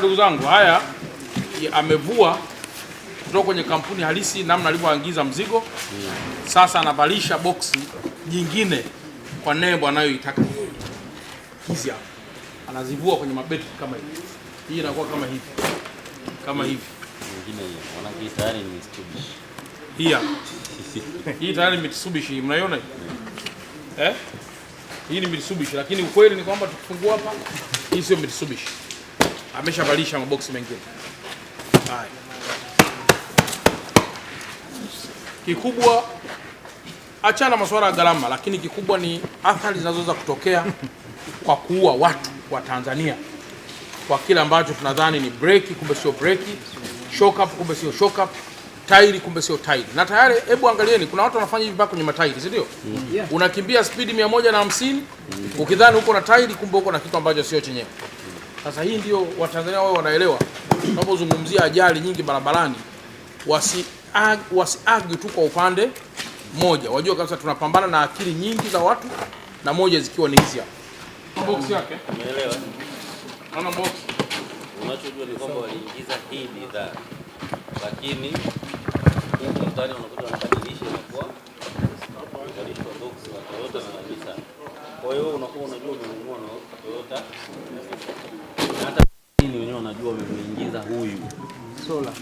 ndugu zangu, haya amevua kutoka kwenye kampuni halisi namna alivyoangiza mzigo, sasa anavalisha boksi jingine kwa nembo anayoitaka Hizi hapa anazivua kwenye mabeti kama hivi, hii inakuwa kama hivi kama hivi. Hii tayari ni Mitsubishi, mnaiona hii eh? Hii ni Mitsubishi, lakini ukweli ni kwamba tukifungua hapa, hii sio Mitsubishi ameshavalisha maboksi mengine. Haya, kikubwa achana masuala ya gharama, lakini kikubwa ni athari zinazoweza kutokea kwa kuua watu wa Tanzania kwa kile ambacho tunadhani ni breki, kumbe sio breki, shock up, kumbe sio shock up, tairi, kumbe sio tairi. Na tayari, hebu angalieni, kuna watu wanafanya hivi mpaka kwenye matairi, si ndio? mm -hmm. Unakimbia spidi mia moja na hamsini ukidhani uko na tairi, kumbe uko na kitu ambacho sio chenyewe. Sasa hii ndio Watanzania wao wanaelewa, tunapozungumzia ajali nyingi barabarani, wasi ag, wasi argue tu kwa upande moja, wajua kabisa tunapambana na akili nyingi za watu na moja zikiwa ni hizi hapa. Box yake umeelewa? Ana box, unachojua ni kwamba waliingiza hii bidhaa, lakini huko ndani wanakuta wanabadilisha inakuwa wanabadilisha box na Toyota na Nissan. Kwa hiyo unakuwa unajua umenunua na Toyota na Nissan chini wenyewe wanajua wamemuingiza huyu sola,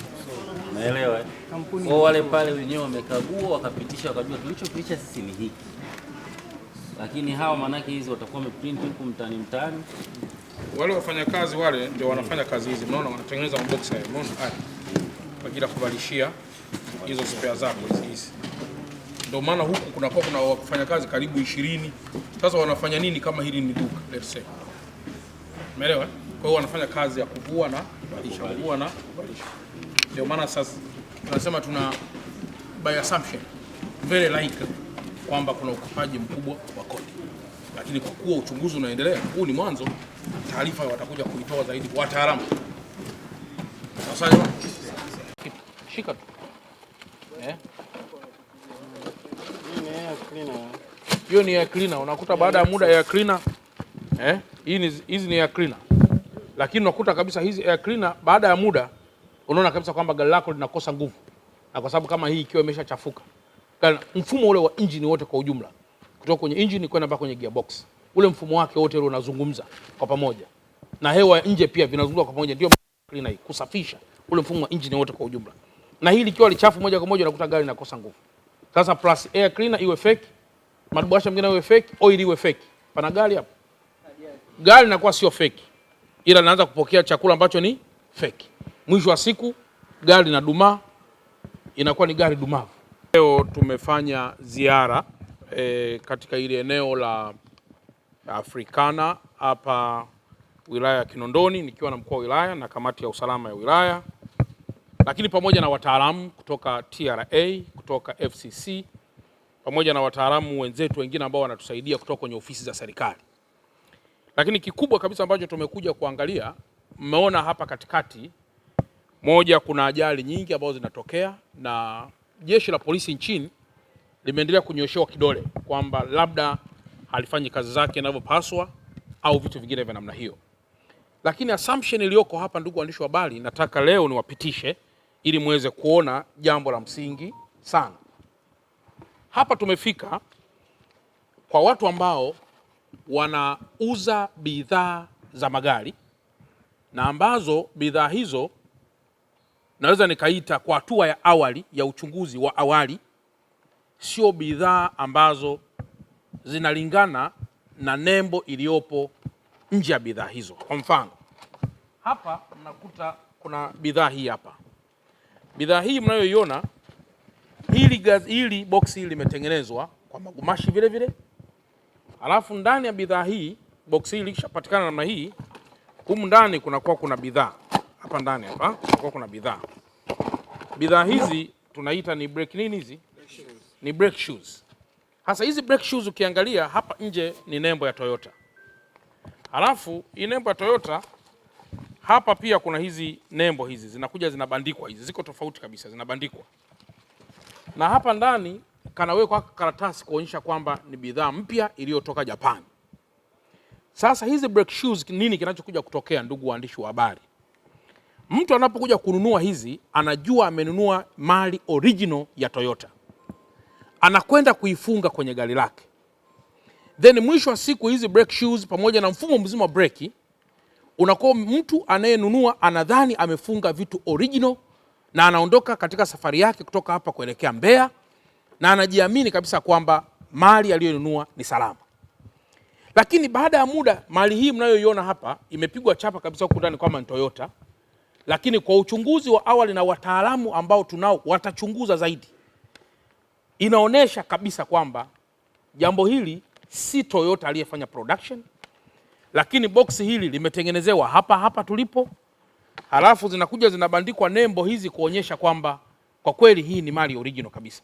naelewa eh? Kampuni wao wale pale wenyewe wamekagua wakapitisha, wakajua kilichopitisha sisi ni hiki, lakini hawa manake hizi watakuwa wameprint huku mtani mtani wale wafanyakazi wale ndio wanafanya kazi hizi, mnaona wanatengeneza maboksi haya, unaona haya kwa ajili ya kubalishia hizo spare zako hizi hizi. Ndio maana huku kunakuwa kuna wafanyakazi karibu ishirini. Sasa wanafanya nini kama hili ni duka let's say, umeelewa? Eh? Kwa hiyo wanafanya kazi ya kuvua na kubadilisha, kuvua na kubadilisha. Ndio maana sasa tunasema tuna by assumption very like kwamba kuna ukopaji mkubwa wa kodi, lakini kwa kuwa uchunguzi unaendelea, huu ni mwanzo. Taarifa watakuja kuitoa zaidi wataalamu. Sasa shika tu eh, hiyo ni ya cleaner. Unakuta baada ya muda ya cleaner eh, hii ni hizi ni ya cleaner lakini unakuta kabisa hizi air cleaner baada ya muda unaona kabisa kwamba gari lako linakosa nguvu, na kwa sababu kama hii ikiwa imeshachafuka, mfumo ule wa injini wote kwa ujumla, kutoka kwenye injini kwenda mpaka kwenye gearbox, ule mfumo wake wote ule unazungumza kwa pamoja, na hewa ya nje pia vinazungumza kwa pamoja, ndio cleaner hii kusafisha ule mfumo wa injini wote kwa ujumla. Na hili likiwa lichafu moja kwa moja, unakuta gari linakosa nguvu. Sasa plus air cleaner iwe fake, madubasha mengine iwe fake, oil iwe fake, pana gari hapo, gari linakuwa sio fake ila naanza kupokea chakula ambacho ni feki. Mwisho wa siku gari na dumaa inakuwa ni gari dumavu. Leo tumefanya ziara e, katika ile eneo la afrikana hapa wilaya ya Kinondoni nikiwa na mkuu wa wilaya na kamati ya usalama ya wilaya, lakini pamoja na wataalamu kutoka TRA kutoka FCC pamoja na wataalamu wenzetu wengine ambao wanatusaidia kutoka kwenye ofisi za serikali. Lakini kikubwa kabisa ambacho tumekuja kuangalia, mmeona hapa katikati, moja, kuna ajali nyingi ambazo zinatokea na jeshi la polisi nchini limeendelea kunyoshewa kidole kwamba labda halifanyi kazi zake inavyopaswa au vitu vingine vya namna hiyo. Lakini assumption iliyoko hapa, ndugu waandishi wa habari, nataka leo niwapitishe ili muweze kuona jambo la msingi sana. Hapa tumefika kwa watu ambao wanauza bidhaa za magari na ambazo bidhaa hizo naweza nikaita kwa hatua ya awali ya uchunguzi wa awali, sio bidhaa ambazo zinalingana na nembo iliyopo nje ya bidhaa hizo. Kwa mfano, hapa mnakuta kuna bidhaa hii hapa, bidhaa hii mnayoiona, hili boksi hili limetengenezwa kwa magumashi vile vile Alafu ndani ya bidhaa hii, box hii likishapatikana namna hii, humu ndani kunakuwa kuna bidhaa hapa ndani hapa kunakuwa kuna bidhaa. Bidhaa hizi tunaita ni break nini hizi? Ni break shoes. Hasa hizi break shoes ukiangalia hapa nje ni nembo ya Toyota. Alafu hii nembo ya Toyota hapa pia kuna hizi nembo hizi zinakuja zinabandikwa, hizi ziko tofauti kabisa, zinabandikwa na hapa ndani kanawekwa karatasi kuonyesha kwamba ni bidhaa mpya iliyotoka japan Sasa hizi break shoes, nini kinachokuja kutokea, ndugu waandishi wa habari? Mtu anapokuja kununua hizi anajua amenunua mali original ya Toyota, anakwenda kuifunga kwenye gari lake, then mwisho wa siku hizi break shoes pamoja na mfumo mzima wa breki unakuwa mtu anayenunua anadhani amefunga vitu original na anaondoka katika safari yake kutoka hapa kuelekea Mbeya na anajiamini kabisa kwamba mali aliyonunua ni salama. Lakini baada ya muda, mali hii mnayoiona hapa imepigwa chapa kabisa huku ndani kwamba ni Toyota, lakini kwa uchunguzi wa awali na wataalamu ambao tunao watachunguza zaidi, inaonyesha kabisa kwamba jambo hili si Toyota aliyefanya production, lakini boksi hili limetengenezewa hapa hapa tulipo, halafu zinakuja zinabandikwa nembo hizi kuonyesha kwamba kwa kweli hii ni mali original kabisa.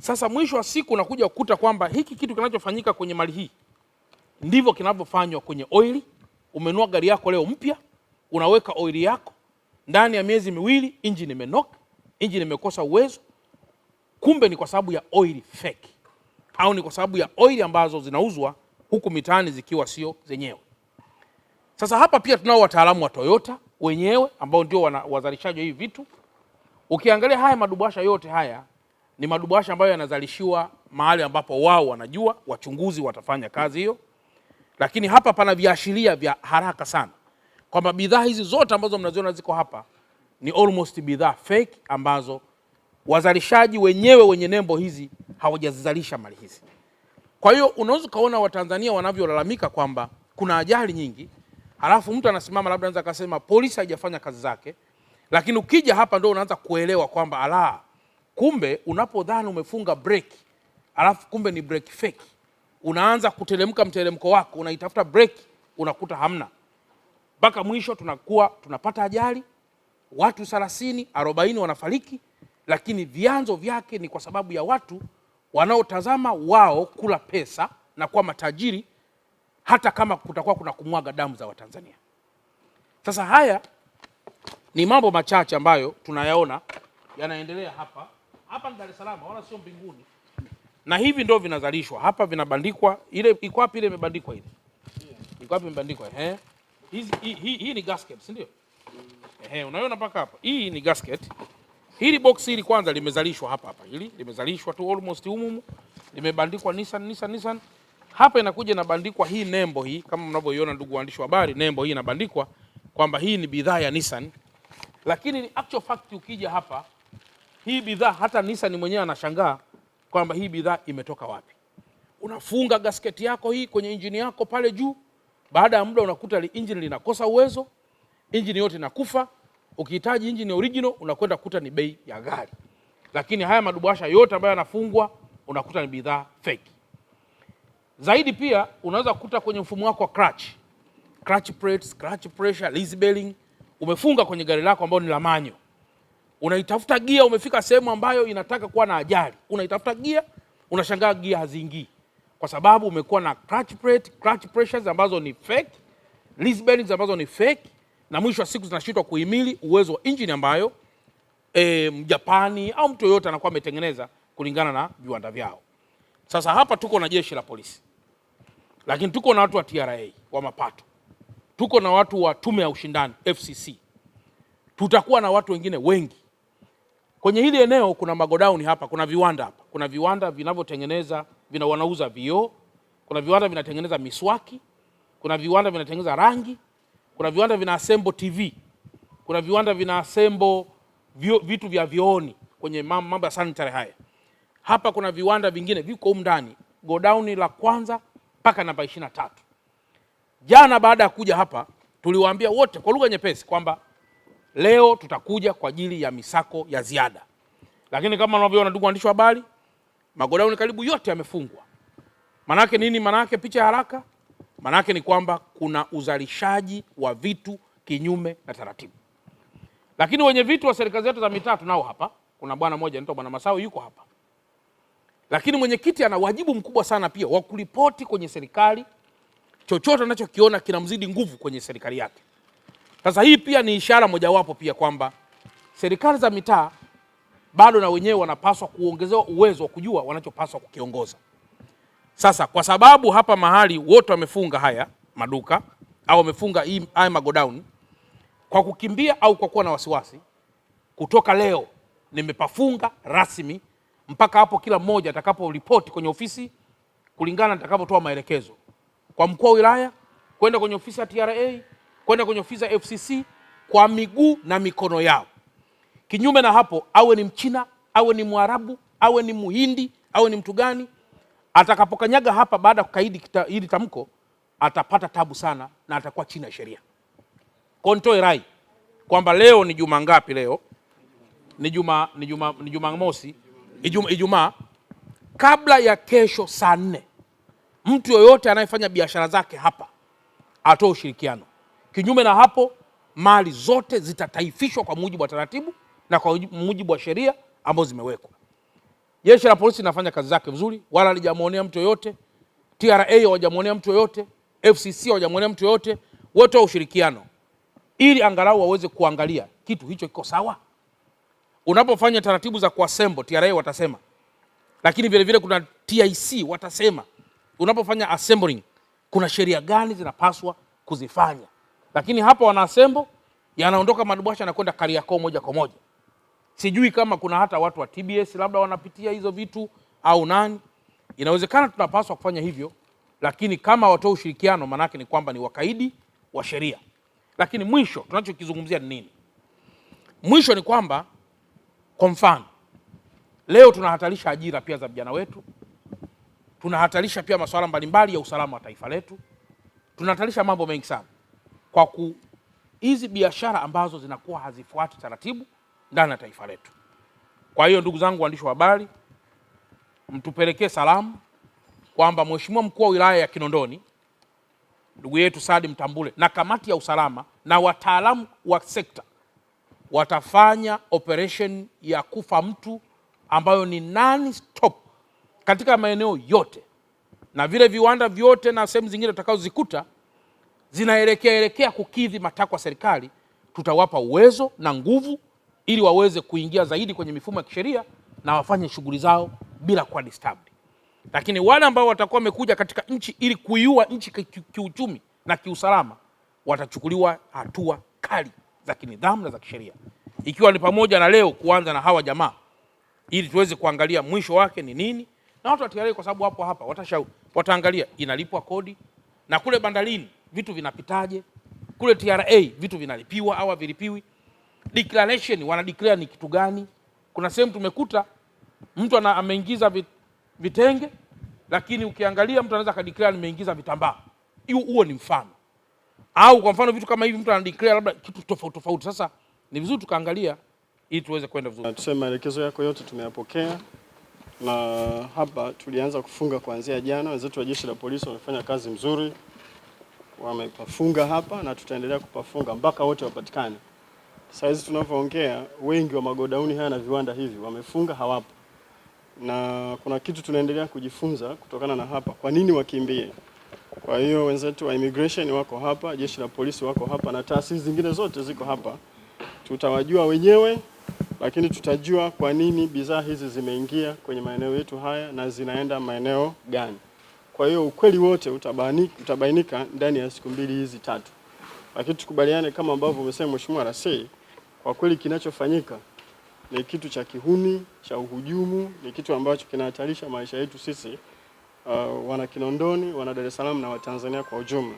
Sasa mwisho wa siku unakuja kukuta kwamba hiki kitu kinachofanyika kwenye mali hii ndivyo kinavyofanywa kwenye oili. umenua gari yako leo mpya, unaweka oili yako, ndani ya miezi miwili injini imenoka, injini imekosa uwezo. Kumbe ni kwa sababu ya oili feki, au ni kwa sababu ya oili ambazo zinauzwa huku mitaani zikiwa sio zenyewe. Sasa hapa pia tunao wataalamu wa Toyota wenyewe ambao ndio wazalishaji wa hivi vitu. Ukiangalia haya madubasha yote haya ni madubasha ambayo yanazalishiwa mahali ambapo wao wanajua, wachunguzi watafanya kazi hiyo. Lakini hapa pana viashiria vya haraka sana kwamba bidhaa hizi zote ambazo mnaziona ziko hapa ni almost bidhaa fake ambazo wazalishaji wenyewe wenye nembo hizi hawajazizalisha mali hizi. Kwa hiyo unaweza ukaona Watanzania wanavyolalamika kwamba kuna ajali nyingi, halafu mtu anasimama labda anaweza akasema polisi haijafanya kazi zake, lakini ukija hapa ndo unaanza kuelewa kwamba alaa Kumbe unapodhani umefunga breki alafu kumbe ni breki feki, unaanza kuteremka mteremko wako, unaitafuta breki unakuta hamna, mpaka mwisho tunakuwa tunapata ajali, watu thelathini arobaini wanafariki, lakini vyanzo vyake ni kwa sababu ya watu wanaotazama wao kula pesa na kuwa matajiri, hata kama kutakuwa kuna kumwaga damu za Watanzania. Sasa haya ni mambo machache ambayo tunayaona yanaendelea hapa hapa ni Dar es Salaam wala sio mbinguni, na hivi ndio vinazalishwa hapa, vinabandikwa. Ile iko wapi? Ile imebandikwa, ile iko wapi? Imebandikwa ehe. Hii hi, hi, ni gasket, si ndio? Ehe, unaiona mpaka hapa, hii ni gasket. Hili box hili kwanza limezalishwa hapa hapa, hili limezalishwa tu almost humu, limebandikwa Nissan Nissan Nissan. Hapa inakuja inabandikwa hii nembo hii, kama mnavyoiona ndugu waandishi wa habari, nembo hii inabandikwa kwamba hii ni bidhaa ya Nissan, lakini actual fact ukija hapa hii bidhaa hata Nissan mwenyewe anashangaa kwamba hii bidhaa imetoka wapi. Unafunga gasketi yako hii kwenye injini yako pale juu, baada ya muda unakuta injini linakosa uwezo, injini yote inakufa. Ukihitaji injini original unakwenda kukuta ni bei ya gari, lakini haya madubasha yote ambayo yanafungwa unakuta ni bidhaa fake. Zaidi pia unaweza kukuta kwenye mfumo wako wa clutch, clutch plates, clutch pressure, lease bearing umefunga kwenye gari lako ambao ni la manyo unaitafuta gia, umefika sehemu ambayo inataka kuwa na ajali, unaitafuta gia, unashangaa gia haziingii kwa sababu umekuwa na clutch plate, clutch pressures ambazo ni fake, leaf bearings ambazo ni fake, na mwisho wa siku zinashindwa kuhimili uwezo wa engine ambayo e, Mjapani au mtu yoyote anakuwa ametengeneza kulingana na viwanda vyao. Sasa hapa tuko na jeshi la polisi, lakini tuko na watu wa TRA wa mapato, tuko na watu wa tume ya ushindani FCC, tutakuwa na watu wengine wengi Kwenye hili eneo kuna magodauni hapa, kuna viwanda hapa, kuna viwanda vinavyotengeneza vina wanauza vioo, kuna viwanda vinatengeneza miswaki, kuna viwanda vinatengeneza rangi, kuna viwanda vina assemble TV, kuna viwanda vina assemble vio, vitu vya vyooni kwenye mambo ya sanitary haya. Hapa kuna viwanda vingine viko huko ndani, godauni la kwanza mpaka namba tatu. Jana baada ya kuja hapa tuliwaambia wote kwa lugha nyepesi kwamba Leo tutakuja kwa ajili ya misako ya ziada, lakini kama unavyoona ndugu waandishi wa habari, magodauni karibu yote yamefungwa. Manake nini? Manake picha ya haraka, manake ni kwamba kuna uzalishaji wa vitu kinyume na taratibu. Lakini wenye vitu wa serikali zetu za mitaa tunao hapa, kuna bwana mmoja anaitwa Bwana Masao yuko hapa, lakini mwenyekiti ana wajibu mkubwa sana pia wa kuripoti kwenye serikali chochote anachokiona kinamzidi nguvu kwenye serikali yake. Sasa hii pia ni ishara mojawapo pia kwamba serikali za mitaa bado na wenyewe wanapaswa kuongezewa uwezo wa kujua wanachopaswa kukiongoza. Sasa kwa sababu hapa mahali wote wamefunga haya maduka au wamefunga haya magodown, kwa kukimbia au kwa kuwa na wasiwasi, kutoka leo nimepafunga rasmi mpaka hapo kila mmoja atakaporipoti kwenye ofisi kulingana atakapotoa maelekezo kwa mkuu wa wilaya kwenda kwenye ofisi ya TRA kwenda kwenye ofisi ya FCC kwa miguu na mikono yao. Kinyume na hapo, awe ni Mchina, awe ni Mwarabu, awe ni Muhindi, awe ni mtu gani, atakapokanyaga hapa baada ya kukaidi hili tamko atapata tabu sana na atakuwa chini ya sheria. Kwa nitoe rai kwamba leo ni juma ngapi? Leo ni juma ni juma ni juma mosi, Ijumaa. Ijumaa kabla ya kesho saa nne, mtu yoyote anayefanya biashara zake hapa atoe ushirikiano. Kinyume na hapo, mali zote zitataifishwa kwa mujibu wa taratibu na kwa mujibu wa sheria ambazo zimewekwa. Jeshi la polisi linafanya kazi zake vizuri, wala halijamwonea mtu yoyote. TRA hawajamwonea mtu yoyote, FCC hawajamwonea mtu yoyote, wote wa ushirikiano ili angalau waweze kuangalia kitu hicho kiko sawa. Unapofanya taratibu za kuasembo, TRA watasema, lakini vile vile kuna TIC watasema. Unapofanya assembling, kuna sheria gani zinapaswa kuzifanya? lakini hapa wanasembo yanaondoka Madubasha nakwenda Kariakoo moja kwa moja. Sijui kama kuna hata watu wa TBS labda wanapitia hizo vitu au nani. Inawezekana tunapaswa kufanya hivyo, lakini kama watoa ushirikiano, maanake ni kwamba ni wakaidi wa sheria. Lakini mwisho tunachokizungumzia ni nini? Mwisho ni kwamba, kwa mfano leo tunahatarisha ajira pia za vijana wetu, tunahatarisha pia masuala mbalimbali ya usalama wa taifa letu, tunahatarisha mambo mengi sana kwa ku hizi biashara ambazo zinakuwa hazifuati taratibu ndani ya taifa letu. Kwa hiyo ndugu zangu waandishi wa habari, mtupelekee salamu kwamba Mheshimiwa mkuu wa wilaya ya Kinondoni ndugu yetu Sadi Mtambule na kamati ya usalama na wataalamu wa sekta watafanya operation ya kufa mtu ambayo ni non stop katika maeneo yote na vile viwanda vyote na sehemu zingine zikuta zinaelekea elekea kukidhi matakwa serikali, tutawapa uwezo na nguvu ili waweze kuingia zaidi kwenye mifumo ya kisheria na wafanye shughuli zao bila kuwa disturbed. Lakini wale ambao watakuwa wamekuja katika nchi ili kuiua nchi kiuchumi na kiusalama watachukuliwa hatua kali za kinidhamu na za kisheria, ikiwa ni pamoja na leo kuanza na hawa jamaa ili tuweze kuangalia mwisho wake ni nini, na watu watiari, kwa sababu hapo hapa watashauri, wataangalia inalipwa kodi na kule bandarini vitu vinapitaje kule TRA, vitu vinalipiwa au havilipiwi, declaration wana declare ni kitu gani. Kuna sehemu tumekuta mtu ameingiza vitenge, lakini ukiangalia mtu anaweza kadeclare nimeingiza vitambaa. Huo ni mfano, au kwa mfano vitu kama hivi mtu anadeclare labda kitu tofauti tofauti. Sasa ni vizuri tukaangalia ili tuweze kwenda vizuri. Tuseme maelekezo yako yote tumeyapokea na hapa tulianza kufunga kuanzia jana. Wenzetu wa jeshi la polisi wamefanya kazi mzuri wamepafunga hapa na tutaendelea kupafunga mpaka wote wapatikane. Sasa hizi tunavyoongea, wengi wa magodauni haya na viwanda hivi wamefunga, hawapo. Na kuna kitu tunaendelea kujifunza kutokana na hapa, kwa nini wakimbie. Kwa hiyo wenzetu wa immigration wako hapa, jeshi la polisi wako hapa, na taasisi zingine zote ziko hapa. Tutawajua wenyewe, lakini tutajua kwa nini bidhaa hizi zimeingia kwenye maeneo yetu haya na zinaenda maeneo gani. Kwa hiyo ukweli wote utabainika, utabainika ndani ya siku mbili hizi tatu, lakini tukubaliane kama ambavyo umesema Mheshimiwa Rasei, kwa kweli kinachofanyika ni kitu cha kihuni cha uhujumu, ni kitu ambacho kinahatarisha maisha yetu sisi uh, wana Kinondoni, wana Dar es Salaam na Watanzania kwa ujumla.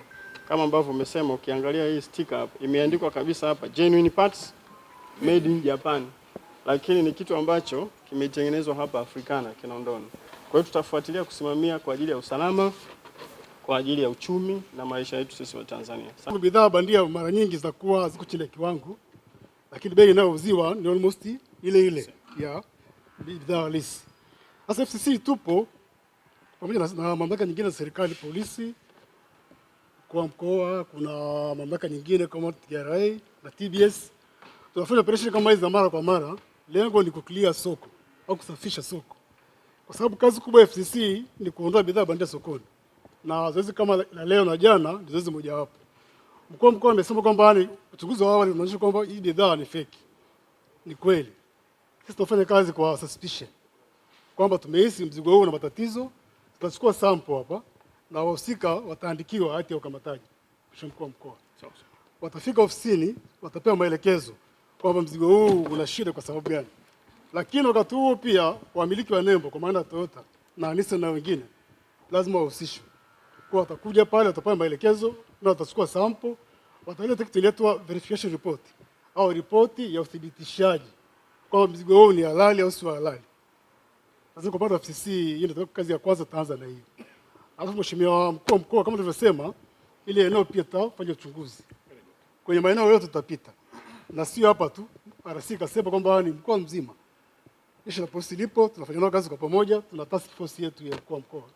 Kama ambavyo umesema, ukiangalia hii sticker hapa imeandikwa kabisa hapa genuine parts made in Japan, lakini ni kitu ambacho kimetengenezwa hapa Afrikana Kinondoni. Kwa hiyo tutafuatilia kusimamia kwa ajili ya usalama, kwa ajili ya uchumi na maisha yetu sisi wa Tanzania. Bidhaa bandia mara nyingi zitakuwa ziko chini ya kiwango, lakini bei inayouziwa ni almost ile ile ya bidhaa halisi. Sasa FCC tupo pamoja na mamlaka nyingine za serikali, polisi kwa mkoa, kuna mamlaka nyingine kama TRA na TBS. Tunafanya operation kama hizi za mara kwa mara, lengo ni kuclear soko au kusafisha soko kwa sababu kazi kubwa ya FCC ni kuondoa bidhaa bandia sokoni, na zoezi kama la leo na jana ni zoezi mojawapo. Mkuu wa mkoa amesema kwamba ni uchunguzi wa awali unaonyesha kwamba hii bidhaa ni fake. Ni kweli, sisi tunafanya kazi kwa suspicion kwamba tumehisi mzigo huu na matatizo, tutachukua sample hapa na wahusika wataandikiwa hati ya ukamataji. Mheshimiwa mkuu wa mkoa, watafika ofisini, watapewa maelekezo kwamba mzigo huu una shida kwa sababu gani. Lakini wakati huo pia wamiliki wa nembo kwa maana Toyota na Nissan na wengine lazima wahusishwe, kwa watakuja pale, watapata maelekezo na watachukua sample, wataleta kitu inaitwa verification report au ripoti ya uthibitishaji kwa mzigo wao ni halali au sio halali. Lazima kwa pande FCC, hiyo ndio kazi ya kwanza Tanzania hii. Alafu mheshimiwa mkuu wa mkoa, kama tulivyosema, ile eneo pia tutafanya uchunguzi kwenye maeneo yote tutapita, na sio hapa tu. RC kasema kwamba ni mkoa mzima jeshi la polisi lipo, tunafanya nao kazi kwa pamoja, tuna task force yetu ya mkoa mkoa. Kwa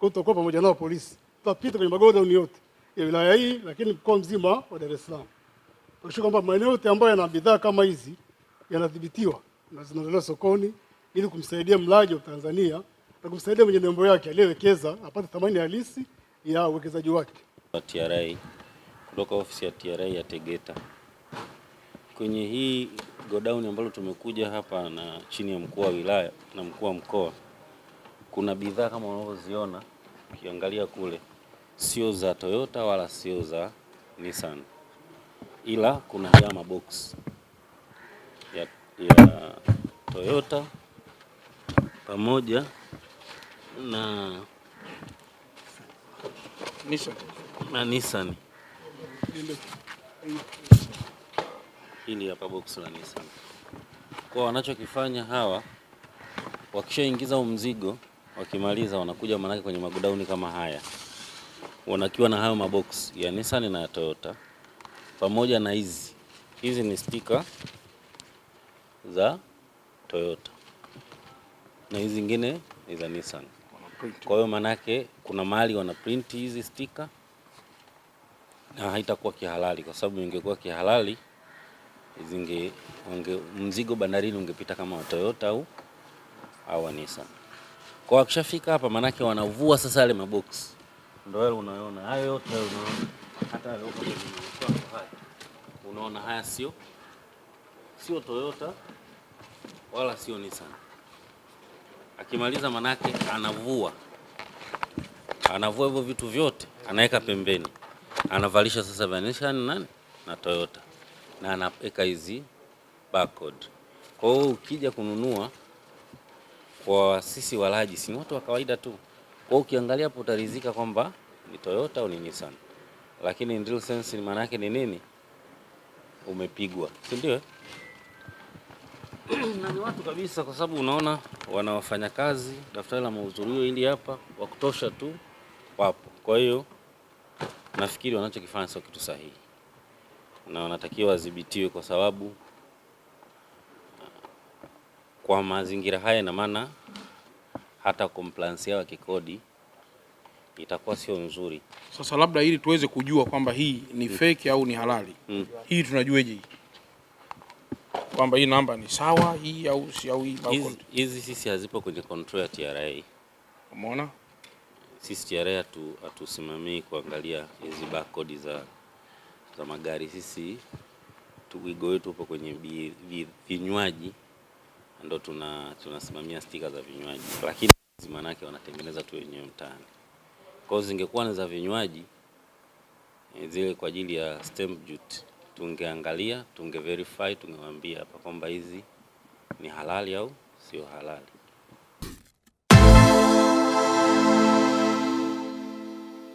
hiyo tutakuwa pamoja nao polisi, tutapita kwenye magodown yote ya wilaya hii, lakini mkoa mzima wa Dar es Salaam Tunashuka kwamba maeneo yote ambayo yana bidhaa kama hizi yanadhibitiwa na zinaondolewa sokoni ili kumsaidia mlaji wa Tanzania na kumsaidia mwenye nembo yake aliyewekeza apate thamani halisi ya uwekezaji wake. TRA kutoka ofisi ya TRA ya Tegeta kwenye hii godown ambalo tumekuja hapa na chini ya mkuu wa wilaya na mkuu wa mkoa, kuna bidhaa kama unavyoziona ukiangalia kule, sio za Toyota wala sio za Nissan, ila kuna haya mabox ya, ya Toyota pamoja na na Nissan hili hapa box la Nissan. Kwa wanachokifanya hawa, wakishaingiza mzigo, wakimaliza wanakuja manake kwenye magodauni kama haya, wanakiwa na hayo mabox ya Nissan na ya Toyota pamoja na hizi hizi ni stika za Toyota na hizi zingine ni za Nissan. Kwa hiyo manake kuna mahali wana print hizi stika na haitakuwa kihalali, kwa sababu ingekuwa kihalali zinge unge, mzigo bandarini ungepita kama Toyota au au Nissan. Kwa wakishafika hapa, manake wanavua sasa yale mabox. ndio wewe unaona hayo yote, unaona hata yale kwa haya, unaona haya sio sio Toyota wala sio Nissan. Akimaliza manake anavua anavua hivyo vitu vyote, anaweka pembeni, anavalisha sasa Nissan nani na Toyota na anaweka hizi barcode. Kwa hiyo ukija kununua kwa sisi walaji, si watu wa kawaida tu. Kwa hiyo ukiangalia hapo utaridhika kwamba ni Toyota au ni Nissan, lakini in real sense maana yake ni nini? Umepigwa, si ndio? Eh? na ni watu kabisa, kwa sababu unaona wana wafanyakazi, daftari la mahudhurio ili hapa, wa kutosha tu wapo. Kwa hiyo nafikiri wanachokifanya sio kitu sahihi na wanatakiwa wadhibitiwe, kwa sababu kwa mazingira haya, na maana hata compliance yao ya kikodi itakuwa sio nzuri. Sasa labda ili tuweze kujua kwamba hii ni mm. fake au ni halali mm. hii tunajueje kwamba hii namba ni sawa hii au si au hii? Hizi sisi hazipo kwenye control ya TRA. Umeona, sisi TRA hatusimamii kuangalia hizi barcode za za magari. Sisi wigo wetu upo kwenye vinywaji, ndo tuna tunasimamia stika za vinywaji, lakini maanake wanatengeneza tu wenyewe mtaani. Kwa hiyo zingekuwa na za vinywaji eh, zile kwa ajili ya stamp duty, tungeangalia tunge verify, tungewaambia hapa kwamba hizi ni halali au sio halali.